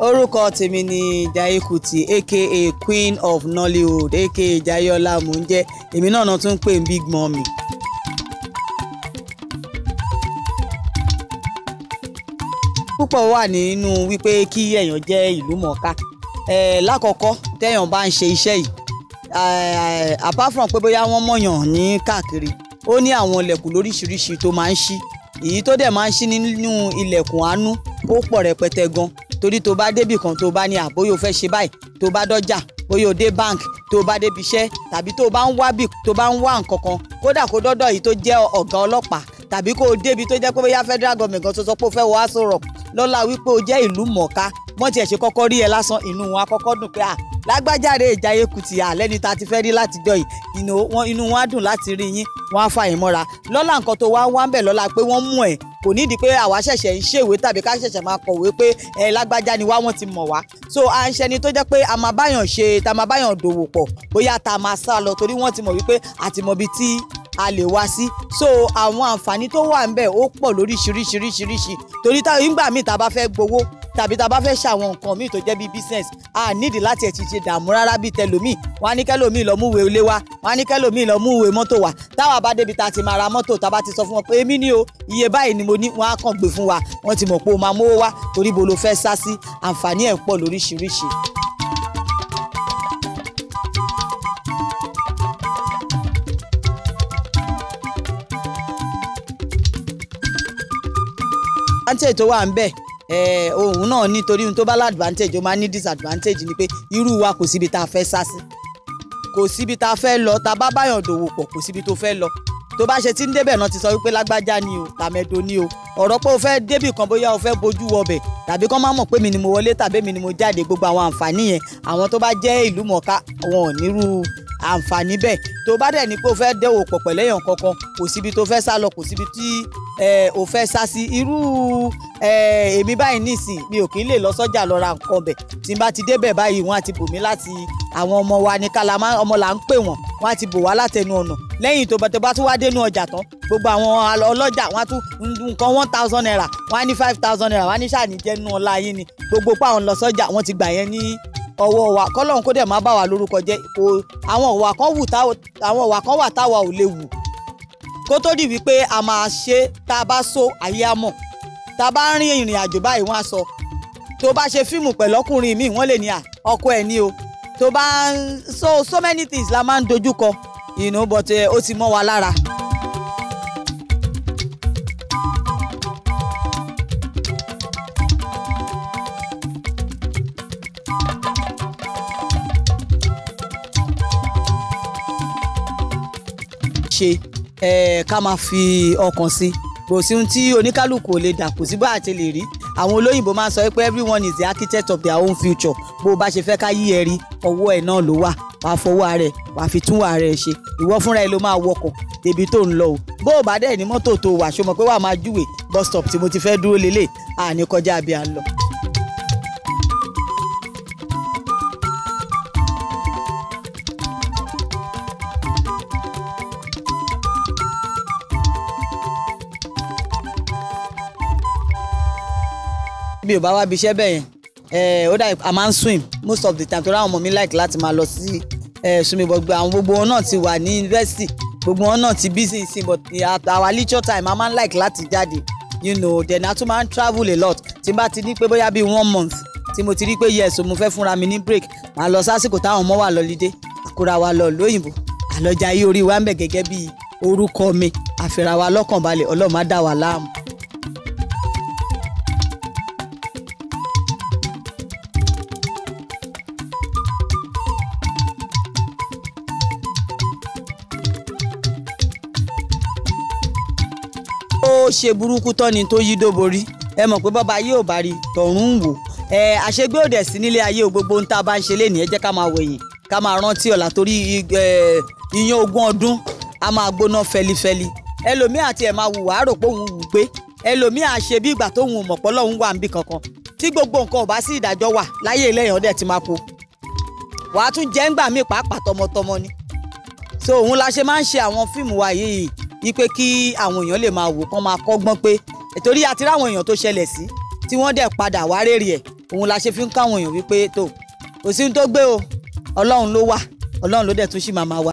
orúkọ tèmi ni Jaiye Kuti aka queen of Nollywood aka Jayeola mò ń jẹ́ èmi náà náà tún ń pè ní big mummy. púpọ̀ wà nínú wípé kí èèyàn jẹ́ ìlú mọ̀ọ́ká lákọ̀ọ́kọ́ téèyàn bá ń ṣe iṣẹ́ yìí apart from pé bóyá wọ́n mọ̀yàn ní káàkiri ó ní àwọn ilẹ̀kùn lóríṣiríṣi tó máa ń ṣí èyí tó dẹ̀ máa ń ṣí nínú ilẹ̀kùn àánú ó pọ̀ rẹpẹtẹ gan-an torí tó bá débì kan tó bá ní àbóyò fẹ́ ṣe báyìí tó bá dọ́jà bóyá o dé bank tó bá débi iṣẹ́ tàbí tó bá ń wá bì tó bá ń wá nǹkan kan kódà kó dọ́dọ̀ yìí tó jẹ́ ọ̀gá ọlọ́pàá tàbí kó o débi tó jẹ́ pé bóyá federal government gan tó sọ pé o fẹ́ wọ aṣọ rọ̀ lọ́la wípé o jẹ́ ìlú mọ̀ọ́ká wọ́n tiẹ̀ ṣe kọ́kọ́ rí ẹ lásán inú wọn akọ́kọ́ dùn pé à lágbájáre ìjayé kùtì àlẹ́ni tá a ti fẹ́ rí látijọ́ yìí inú wọn dùn láti rí yín wọn á fa ìmọ́ra lọ́la nǹkan tó wá wá ń bẹ̀ lọ́la pé wọ́n mú ẹ̀ kò nídìí pé àwa ṣẹ̀ṣẹ̀ ń ṣèwé tàbí ká ṣẹ̀ṣẹ̀ máa kọ̀wé pé ẹ lágbájá ni wá wọ́n ti mọ̀ wá so à ń ṣẹni tó jẹ́ pé a máa báyàn ṣe ta máa báyàn dòwò pọ̀ bóyá ta máa sá lọ torí wọ́n ti mọ̀ wípé àtìmọ̀bi tí a lè wá sí so àwọn àǹfààní tó wà ń bẹ̀ ó pọ̀ lóríṣiríṣiríṣiríṣi torí nígbà míì ta bá fẹ́ gbowó tàbí tá a bá fẹ́ ṣàwọn nǹkan míì tó jẹ́ bíi business a nídìí láti ẹ̀ ti ṣe dààmú rárá bíi tẹlòmíì wọn á ní kẹlòmíì lọ mú ìwé ilé wa wọn á ní kẹlòmíì lọ mú ìwé mọ́tò wa táwa bá débi tá a ti máa ra mọ́tò tá a bá ti sọ fún wọn pé èmi ni o iye báyìí ni mo ní wọn á kàn gbé fún wa wọn ti mọ̀ pé o máa mówó wá torí bo lo fẹ́ sá sí àǹfààní ẹ̀ pọ̀ lóríṣiríṣi. àǹtí ètò wa ń bẹ̀ Eh, ohun náà nítorí ohun tó bá ládvantage ó máa ní disadvantage ni pé irú wa kò síbi tá a fẹ́ sá sí kò síbi tá a fẹ́ lọ tá a bá báyàn dòwò pọ̀ kò síbi tó fẹ́ lọ tó bá ṣe tí ń débẹ̀ náà ti sọ wípé lágbájá ni o tàmẹ́dò ni o ọ̀rọ̀ pé o fẹ́ débì kan bóyá o fẹ́ bojú wọbẹ̀ tàbí kán má mọ̀ pé mi ni mo wọlé tàbí mi ni mo jáde gbogbo àwọn àǹfààní yẹn àwọn tó bá jẹ́ ìlú mọ̀ọ́ká wọn ò nírú àǹfààní bẹ́ẹ̀ tó bá dẹ̀ ní pé o fẹ́ dẹ́wò pọ̀ pẹ̀lẹ́yàn kankan kò síbi tó fẹ́ sá lọ kò síbi tí o fẹ́ sá sí irú èmi báyìí nísìn mi ò kí ń lè lọ sọ́jà lọ ra nǹkan bẹ̀ tí n bá ti débẹ̀ báyìí wọ́n á ti bò mí láti àwọn ọmọ wa ní kálámà ọmọ là ń pè wọ́n wọ́n á ti bò wá látẹnu ọ̀nà lẹ́yìn tó bàtẹ́ bá tún wá dénú ọjà tán gbogbo àwọn ọlọ́jà wọ́n á tún nǹkan one thousand naira wọ́n á ní five thousand naira wọ́n á ní sáà ní jẹ́nu yín ni gbogbo pàwọn lọ sọ́jà wọ́n ti gbà yẹn ní ọwọ́ wa kọ́lọ́hún kó dẹ̀ má bà wá lórúkọ jẹ́ kó àwọn ìwà kan wù táwọn àwọn ìwà kan wà táwa ò lè wù kó tó di wípé a máa ṣe tá a bá so ayé á mọ̀ tá a bá rin ìrìn àjò báyìí wọ́n á sọ tó bá ṣe fíìmù pẹ̀lú ọkùnrin míì wọ́n lè ní à ọkọ ẹ̀ ní o tó bá so so many things la máa ń dojú kọ you know but eh, ó ti mọ́ wa lára. ṣe ká máa fi ọkàn sí kò sí ohun tí oníkálukú ò lè dà kò sí bá àti lè rí àwọn olóyìnbó máa ń sọ pé everyone is the architect of their own future bó o bá ṣe fẹ́ ká yí ẹ rí ọwọ́ ẹ̀ náà ló wà wàá fọwọ́ ara ẹ̀ wàá fi tún ara ẹ̀ ṣe ìwọ fúnra ẹ̀ ló máa wọkọ̀ débi tó ń lọ o bó o bá dẹ̀ ní mọ́tò tó wà ṣó mọ̀ pé wàá máa júwèé bus stop tí mo ti fẹ́ dúró lélẹ̀ àní kọjá bí a lọ. mi ò bá wá ibiṣẹ́ bẹ́ẹ̀ yẹn eh, ó dà a máa ń swim most of the time torí àwọn ọmọ mi like láti máa lọ sí eh, swimming but àwọn gbogbo wọn náà ti wà ní university gbogbo wọn náà ti busy sí but our leisure time a máa ń like láti jáde you know then a tún máa ń travel a lot tí n bá ti ní pé bóyá bíi one month tí mo ti rí pé yes mo fẹ́ fúnra mi ní break màá lọ sásìkò táwọn ọmọ wà lọ́lídé àkúra wa lọ lóyìnbó àlọ́jà yìí orí wa ń bẹ̀ gẹ́gẹ́ bíi orúkọ mi àfẹ́ra wa lọ́kànbalẹ̀ ọlọ́run dà wá láàmú. ṣe burúkú tọ́ni tó yí dóborí ẹ mọ̀ pé bọ́ba ayé ò bá rí tọ̀run ń wò ẹ àṣegbé òde sí nílé ayé ò gbogbo ń tá a bá ń ṣe lénìí ẹ jẹ́ ká máa wẹ̀yìn ká máa rántí ọ̀la torí ìyẹn ogún ọdún a máa gbóná fẹlifẹli ẹlòmíì àti ẹ̀ máa wù wá rò pé òun wù pé ẹlòmíì àṣe bí ìgbà tóun ò mọ̀pọ̀ lọ́hún wà níbi kankan tí gbogbo nǹkan ò bá sí ìdájọ́ wà láyé ìlẹ́yìn ọdẹ ti máa po wàá tún jẹ́ ń gbà mí pàápàá tọmọtọmọ ni so òun la ṣe máa ń ṣe àwọn fíìmù wa yìí wípé kí àwọn èèyàn lè máa wò kán máa kọ́gbọ́n pé torí àti ráwọn èèyàn tó ṣẹlẹ̀ sí tí wọ́n dẹ̀ padà wá rèrè ẹ̀ òun la ṣe fi ń káwọn èèyàn wípé tó kò sí ní tó gbé o ọlọ́run ló wà ọlọ́run ló dẹ̀ tún ṣì máa máa wà.